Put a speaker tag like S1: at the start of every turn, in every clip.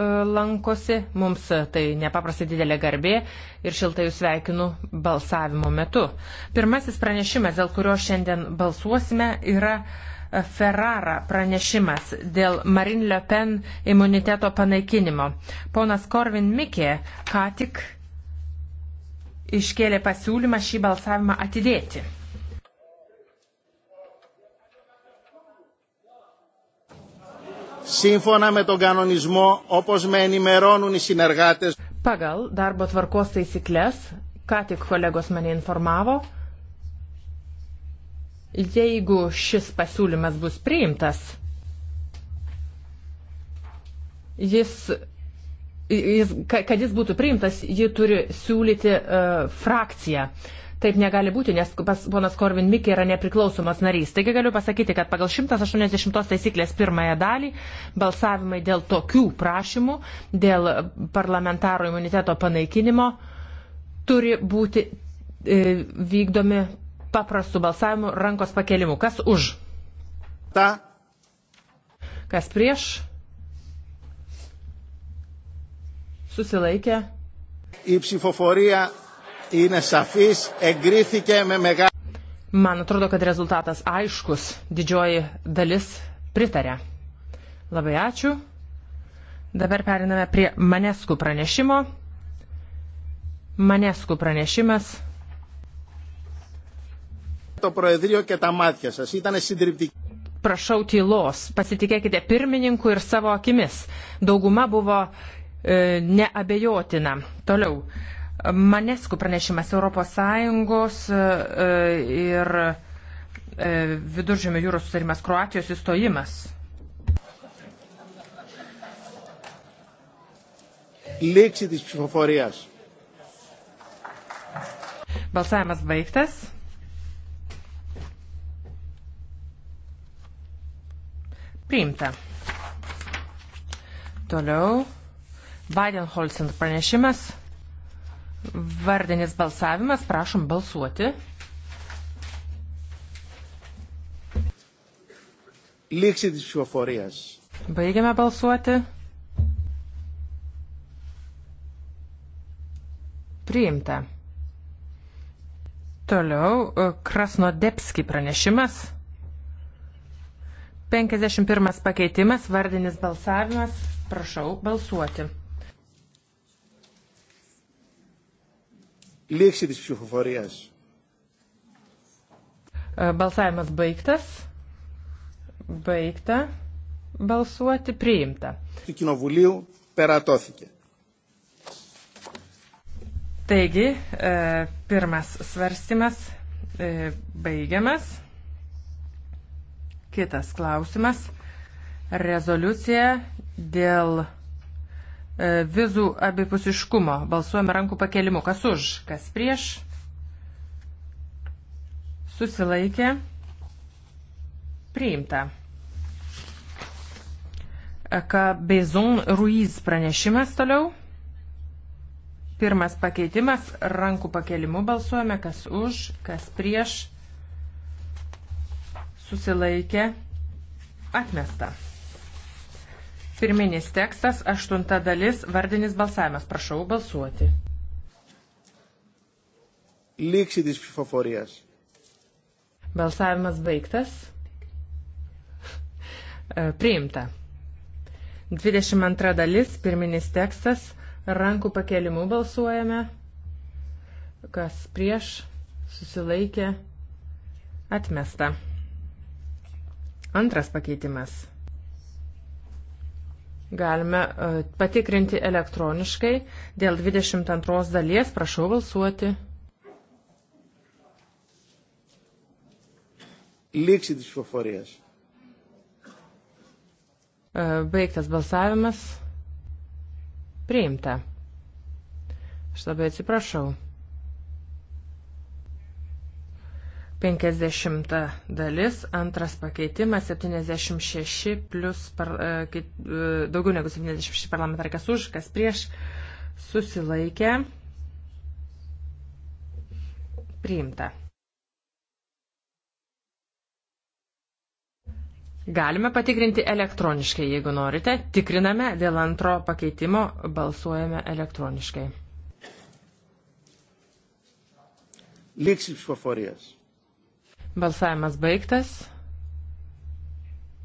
S1: E, lankosi. Mums tai nepaprastai didelė garbė ir šiltai jūs sveikinu balsavimo metu. Pirmasis pranešimas, dėl kurio šiandien balsuosime, yra Ferrara pranešimas dėl Marin Le Pen imuniteto panaikinimo. Ponas Korvin Mikė ką tik iškėlė pasiūlymą šį balsavimą atidėti. σύμφωνα με τον κανονισμό
S2: όπως με ενημερώνουν οι συνεργάτες. Pagal
S1: darbo tvarkos taisyklės, ką tik kolegos mane informavo, jeigu šis pasiūlymas bus priimtas, jis, jis, kad jis būtų priimtas, ji turi siūlyti uh, frakciją. Uh, Taip negali būti, nes ponas Korvin Mikė yra nepriklausomas narys. Taigi galiu pasakyti, kad pagal 180 taisyklės pirmąją dalį balsavimai dėl tokių prašymų, dėl parlamentaro imuniteto panaikinimo turi būti e, vykdomi paprastų balsavimų rankos pakelimu. Kas už? Ta. Kas prieš?
S2: Susilaikė. Į psichoforija είναι σαφής, εγκρίθηκε με μεγάλη.
S1: Man atrodo, kad rezultatas aiškus, didžioji dalis pritarė. Labai ačiū. Dabar periname prie Maneskų pranešimo. Maneskų pranešimas. Prašau tylos, pasitikėkite pirmininku ir savo akimis. Dauguma buvo e, neabejotina. Toliau. Manesku pranešimas ES e, ir e, Viduržėmio jūros susitarimas Kroatijos įstojimas.
S2: Lėksi tis psichoforijas.
S1: Balsavimas baigtas. Priimta. Toliau. Biden-Holsen pranešimas. Vardinis balsavimas, prašom balsuoti.
S2: Λήξη της ψηφοφορίας.
S1: Baigiame balsuoti. Priimta. Toliau e, Krasnodepski pranešimas. 51 pakeitimas, vardinis balsavimas. Prašau balsuoti.
S2: Λήξη της ψηφοφορίας.
S1: Balsavimas baigtas. Baigta. Balsuoti priimta.
S2: Του Κοινοβουλίου περατώθηκε.
S1: Taigi, e, pirmas svarstymas e, baigiamas. Kitas klausimas. Rezoliucija dėl E, vizų abipusiškumo. Balsuojame rankų pakelimu. Kas už, kas prieš. Susilaikė. Priimta. Kabezon Ruiz pranešimas toliau. Pirmas pakeitimas. Rankų pakelimu balsuojame. Kas už, kas prieš. Susilaikė. Atmesta. Pirminis tekstas, aštunta dalis, vardinis balsavimas. Prašau balsuoti.
S2: Lyksi tis psifoforijas.
S1: Balsavimas baigtas. Priimta. 22 dalis, pirminis tekstas, rankų pakelimu balsuojame. Kas prieš, susilaikė, atmesta. Antras pakeitimas. Galime e, patikrinti elektroniškai. Dėl 22 dalies prašau balsuoti.
S2: Lyksi iš faforės.
S1: Baigtas balsavimas. Priimta. Aš labai atsiprašau. 50 dalis, antras pakeitimas, 76 plus par, e, kit, e, daugiau negu 76 parlamentarai, kas už, kas prieš, susilaikė, priimta. Galime patikrinti elektroniškai, jeigu norite. Tikriname dėl antro pakeitimo, balsuojame elektroniškai.
S2: Λήξη ψηφοφορίας.
S1: Balsavimas baigtas.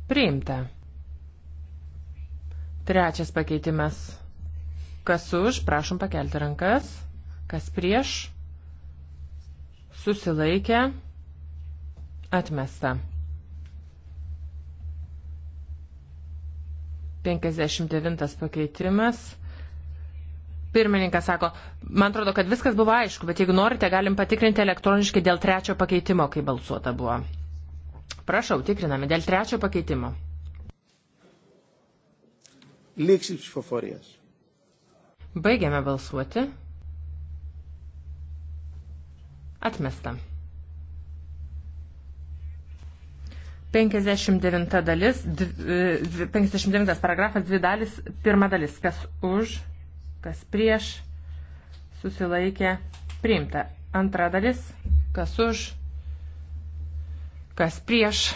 S1: Priimta. Trečias pakeitimas. Kas už, prašom pakelti rankas. Kas prieš, susilaikė, atmesta. 59 pakeitimas Pirmininkas sako, man atrodo, kad viskas buvo aišku, bet jeigu norite, galim patikrinti elektroniškai dėl trečio pakeitimo, kai balsuota buvo. Prašau, tikriname dėl trečio pakeitimo.
S2: Lygsip psichoforijas.
S1: Baigiame balsuoti. Atmesta. 59 dalis, 59 e, paragrafas, dvi dalis, pirma dalis, kas už kas prieš, susilaikė, priimta. Antra dalis, kas už, kas prieš,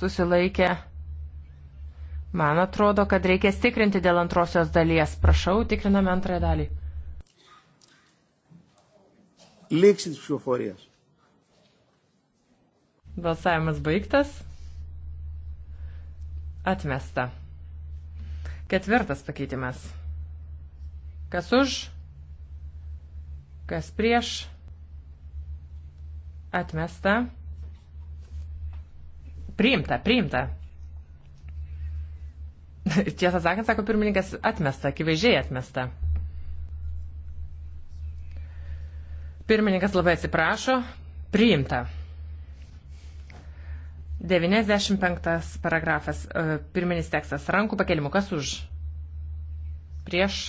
S1: susilaikė. Man atrodo, kad reikės tikrinti dėl antrosios dalies. Prašau, tikriname antrąją dalį.
S2: Liksit šiuforijas.
S1: Balsavimas baigtas. Atmesta. Ketvirtas pakeitimas. Kas už, kas prieš, atmesta. Priimta, priimta. Tiesą sakant, sako pirmininkas, atmesta, akivaizdžiai atmesta. Pirmininkas labai atsiprašo, priimta. 95 paragrafas, e, pirminis tekstas, rankų pakelimu, kas už? Prieš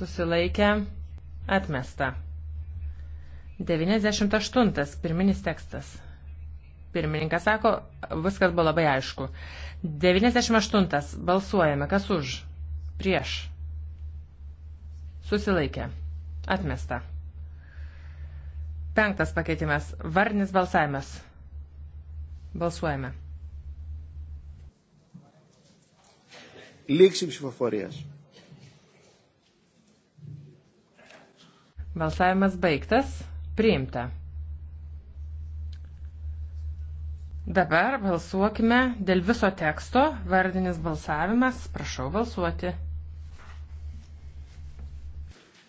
S1: susilaikė, atmesta. 98. Pirminis tekstas. Pirmininkas sako, viskas buvo labai aišku. 98. Balsuojame, kas už, prieš, susilaikė, atmesta. Penktas pakeitimas. Varnis balsavimas. Balsuojame.
S2: Λήξη ψηφοφορίας.
S1: Balsavimas baigtas. Priimta. Dabar balsuokime dėl viso teksto. Vardinis balsavimas. Prašau balsuoti.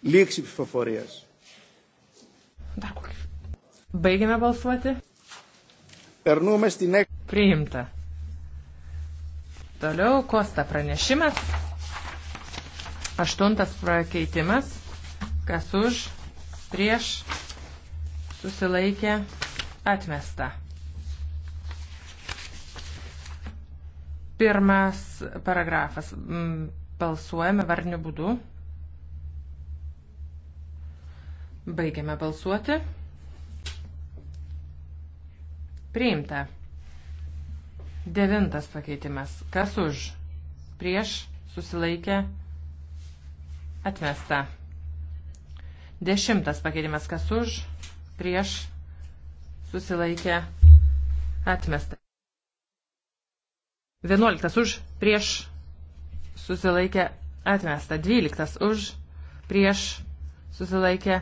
S2: Lyksi psichoforijas.
S1: Dar kokį. Baigime balsuoti. Pernume stinė. Priimta. Toliau Kosta pranešimas. Aštuntas prakeitimas. Kas už, prieš, susilaikė, atmesta. Pirmas paragrafas. Mm, balsuojame varniu būdu. Baigiame balsuoti. Priimta. Devintas pakeitimas. Kas už? Prieš susilaikė atmesta. Dešimtas pakeitimas kas už, prieš, susilaikė, atmesta. Vienuoliktas už, prieš, susilaikė, atmesta. Dvyliktas už, prieš, susilaikė,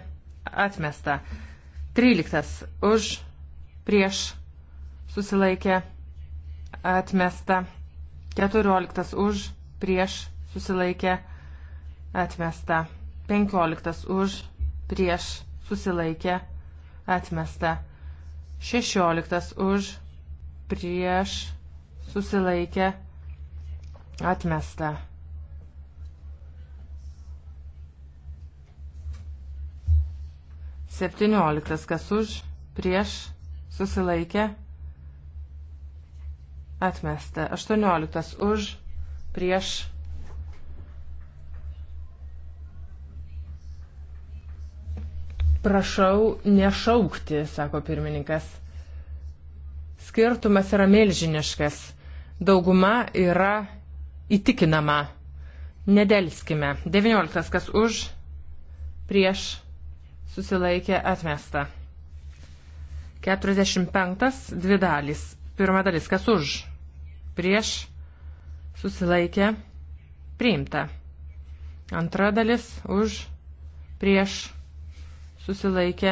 S1: atmesta. Tryliktas už, prieš, susilaikė, atmesta. Keturioliktas už, prieš, susilaikė, atmesta. Penkioliktas už, prieš susilaikė atmesta. 16 už prieš susilaikė atmesta. Septynioliktas, kas už, prieš, susilaikė, atmesta. Aštuonioliktas, už, prieš, Prašau nešaukti, sako pirmininkas. Skirtumas yra milžiniškas. Dauguma yra įtikinama. Nedelskime. 19. Kas už, prieš, susilaikė, atmesta. 45. Dvi dalys. Pirma dalis. Kas už, prieš, susilaikė, priimta. Antra dalis už, prieš, susilaikė susilaikė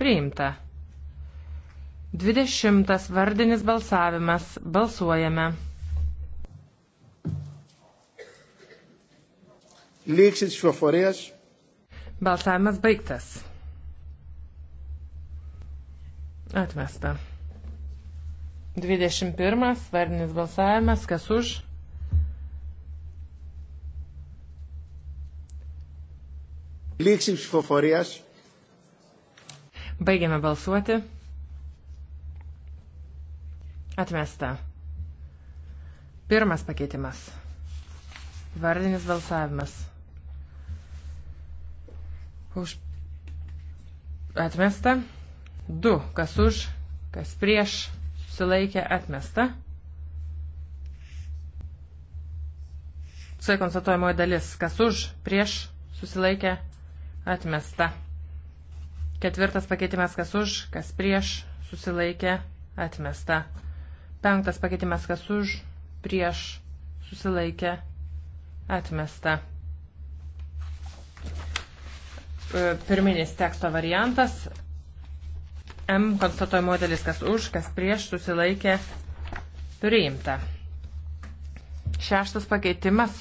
S1: priimta. Dvidešimtas vardinis balsavimas. Balsuojame.
S2: Lėksis šioforės.
S1: Balsavimas baigtas. Atmesta. 21. Vardinis balsavimas. Kas už?
S2: Λήξη ψηφοφορίας.
S1: Baigiame balsuoti. Atmesta. Pirmas pakeitimas. Vardinis balsavimas. Už atmesta. Du, kas už, kas prieš, susilaikė atmesta. C konstatuojamoji dalis, kas už, prieš, susilaikė atmesta. Ketvirtas pakeitimas kas už, kas prieš, susilaikė, atmesta. Penktas pakeitimas kas už, prieš, susilaikė, atmesta. E, pirminis teksto variantas. M konstatuoja modelis kas už, kas prieš, susilaikė, priimta. Šeštas pakeitimas.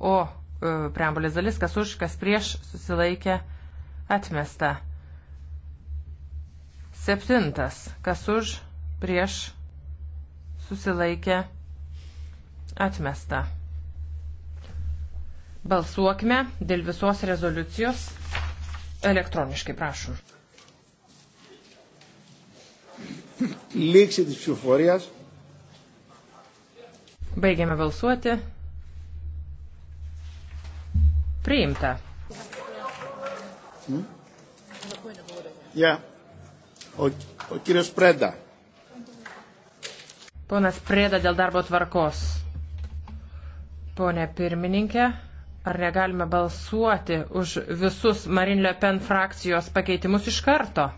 S1: O e, preambulės dalis kas už, kas prieš, susilaikė, atmesta. Septintas. Kas už, prieš, susilaikė, atmesta. Balsuokime dėl visos rezoliucijos elektroniškai, prašom.
S2: Lygsite šiuforijas.
S1: Baigiame balsuoti. Priimta.
S2: Hmm? Yeah. O, o kirios Preda.
S1: Ponas Preda dėl darbo tvarkos. Pone pirmininkė, ar negalime balsuoti už visus Marin Le Pen frakcijos pakeitimus iš karto?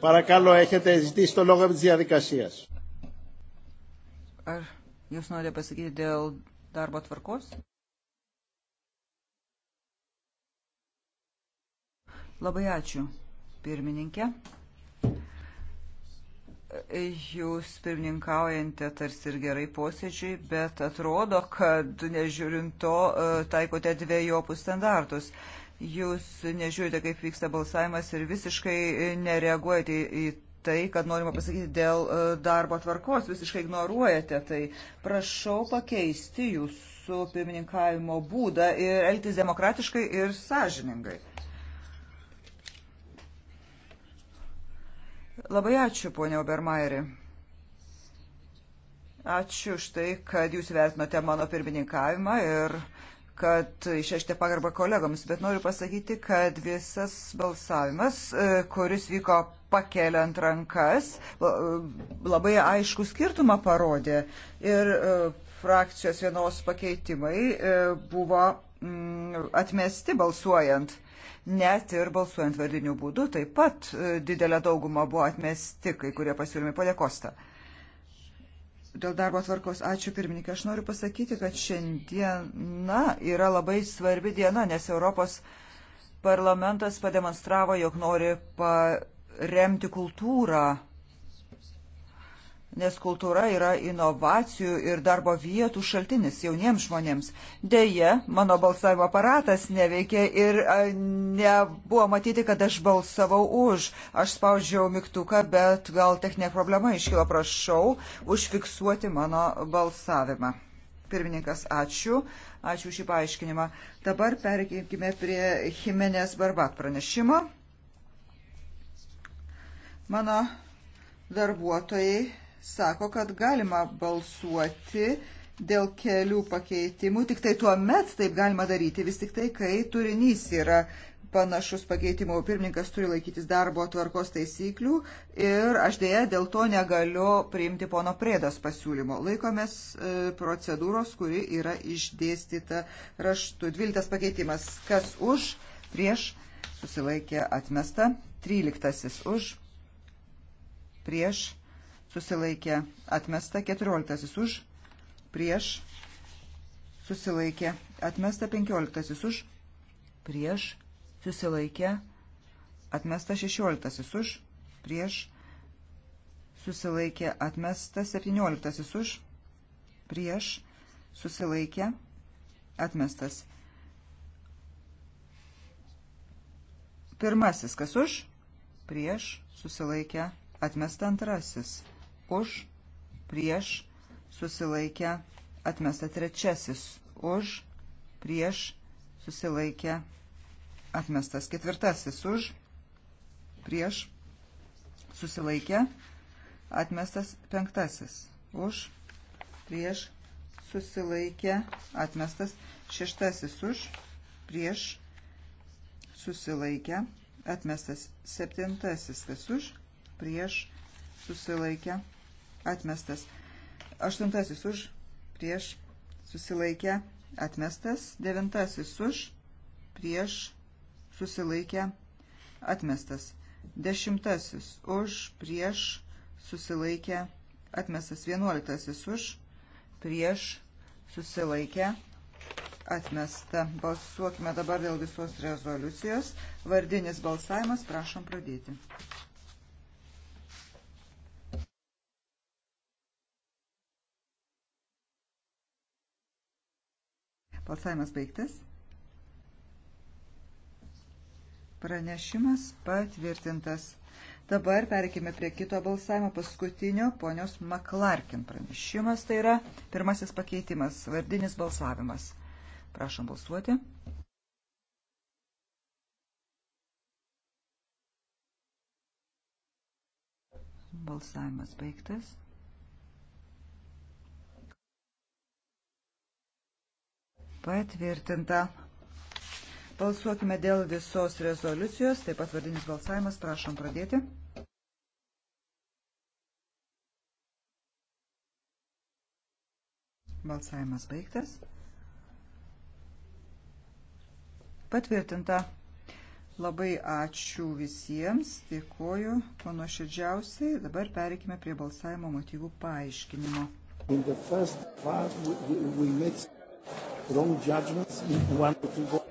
S2: Παρακαλώ, έχετε ζητήσει το λόγο από τις διαδικασίες. Ar jūs norite pasakyti dėl darbo tvarkos. Labai ačiū, pirmininkė. Jūs pirmininkaujate tarsi ir gerai posėdžiui, bet atrodo, kad nežiūrint to, e, taikote dviejopus standartus. Jūs nežiūrite, kaip vyksta balsavimas ir visiškai nereaguojate į tai, kad norima pasakyti dėl e, darbo tvarkos, visiškai ignoruojate tai. Prašau pakeisti jūsų pirmininkavimo būdą ir elgtis demokratiškai ir sąžiningai. Labai ačiū, ponia Obermairi. Ačiū už tai, kad jūs vertinote mano pirmininkavimą ir kad išėštė pagarbą kolegoms, bet noriu pasakyti, kad visas balsavimas, e, kuris vyko pakeliant rankas, labai aišku skirtumą parodė. Ir e, frakcijos vienos pakeitimai e, buvo mm, atmesti balsuojant. Net ir balsuojant vardiniu būdu taip pat e, didelė dauguma buvo atmesti kai kurie pasiūlymai. Pone Kosta. Dėl darbo tvarkos ačiū pirmininkė. Aš noriu pasakyti, kad šiandiena yra labai svarbi diena, nes Europos parlamentas pademonstravo, jog nori pa remti kultūrą, nes kultūra yra inovacijų ir darbo vietų šaltinis jauniems žmonėms. Deja, mano balsavimo aparatas neveikė ir a, nebuvo matyti, kad aš balsavau už. Aš spaudžiau mygtuką, bet gal techninė problema iškilo, prašau užfiksuoti mano balsavimą. Pirmininkas, ačiū. Ačiū šį paaiškinimą. Dabar perkime prie Jimenės Barbat pranešimo. Mano darbuotojai sako, kad galima balsuoti dėl kelių pakeitimų, tik tai tuo met taip galima daryti, vis tik tai, kai turinys yra panašus pakeitimų, pirmininkas turi laikytis darbo tvarkos taisyklių ir aš dėja dėl to negaliu priimti pono prėdos pasiūlymo. Laikomės e, procedūros, kuri yra išdėstyta raštu. Dviltas pakeitimas, kas už, prieš, susilaikė atmesta, tryliktasis už prieš, susilaikė, atmesta 14 už, prieš, susilaikė, atmesta 15 už, prieš, susilaikė, atmesta 16 už, prieš, susilaikė, atmesta 17 už, prieš, susilaikė, atmestas. Pirmasis, kas už, prieš, susilaikė, atmestas atmesta antrasis, už, prieš, susilaikę, atmesta trečiasis, už, prieš, susilaikę, atmestas ketvirtasis, už, prieš, susilaikę, atmestas penktasis, už, prieš, susilaikę, atmestas šeštasis, už, prieš, susilaikę, atmestas septintasis, kas už, prieš, prieš susilaikę atmestas. Aštuntasis už prieš susilaikę atmestas. Devintasis už prieš susilaikę atmestas. Dešimtasis už prieš susilaikę atmestas. Vienuoliktasis už prieš susilaikę atmestas atmesta. Balsuokime dabar dėl visos rezoliucijos. Vardinis balsavimas, prašom pradėti. Balsavimas baigtas. Pranešimas patvirtintas. Dabar perkime prie kito balsavimo paskutinio ponios Maklarkin pranešimas. Tai yra pirmasis pakeitimas, vardinis balsavimas. Prašom balsuoti. Balsavimas baigtas. Patvirtinta. Balsuokime dėl visos rezoliucijos, taip pat vardinis balsavimas, prašom pradėti. Balsavimas baigtas. Patvirtinta. Labai ačiū visiems, dėkoju panoširdžiausiai. Dabar pereikime prie balsavimo motyvų paaiškinimo. In the first part, we, we, we made wrong um judgments in one or two votes.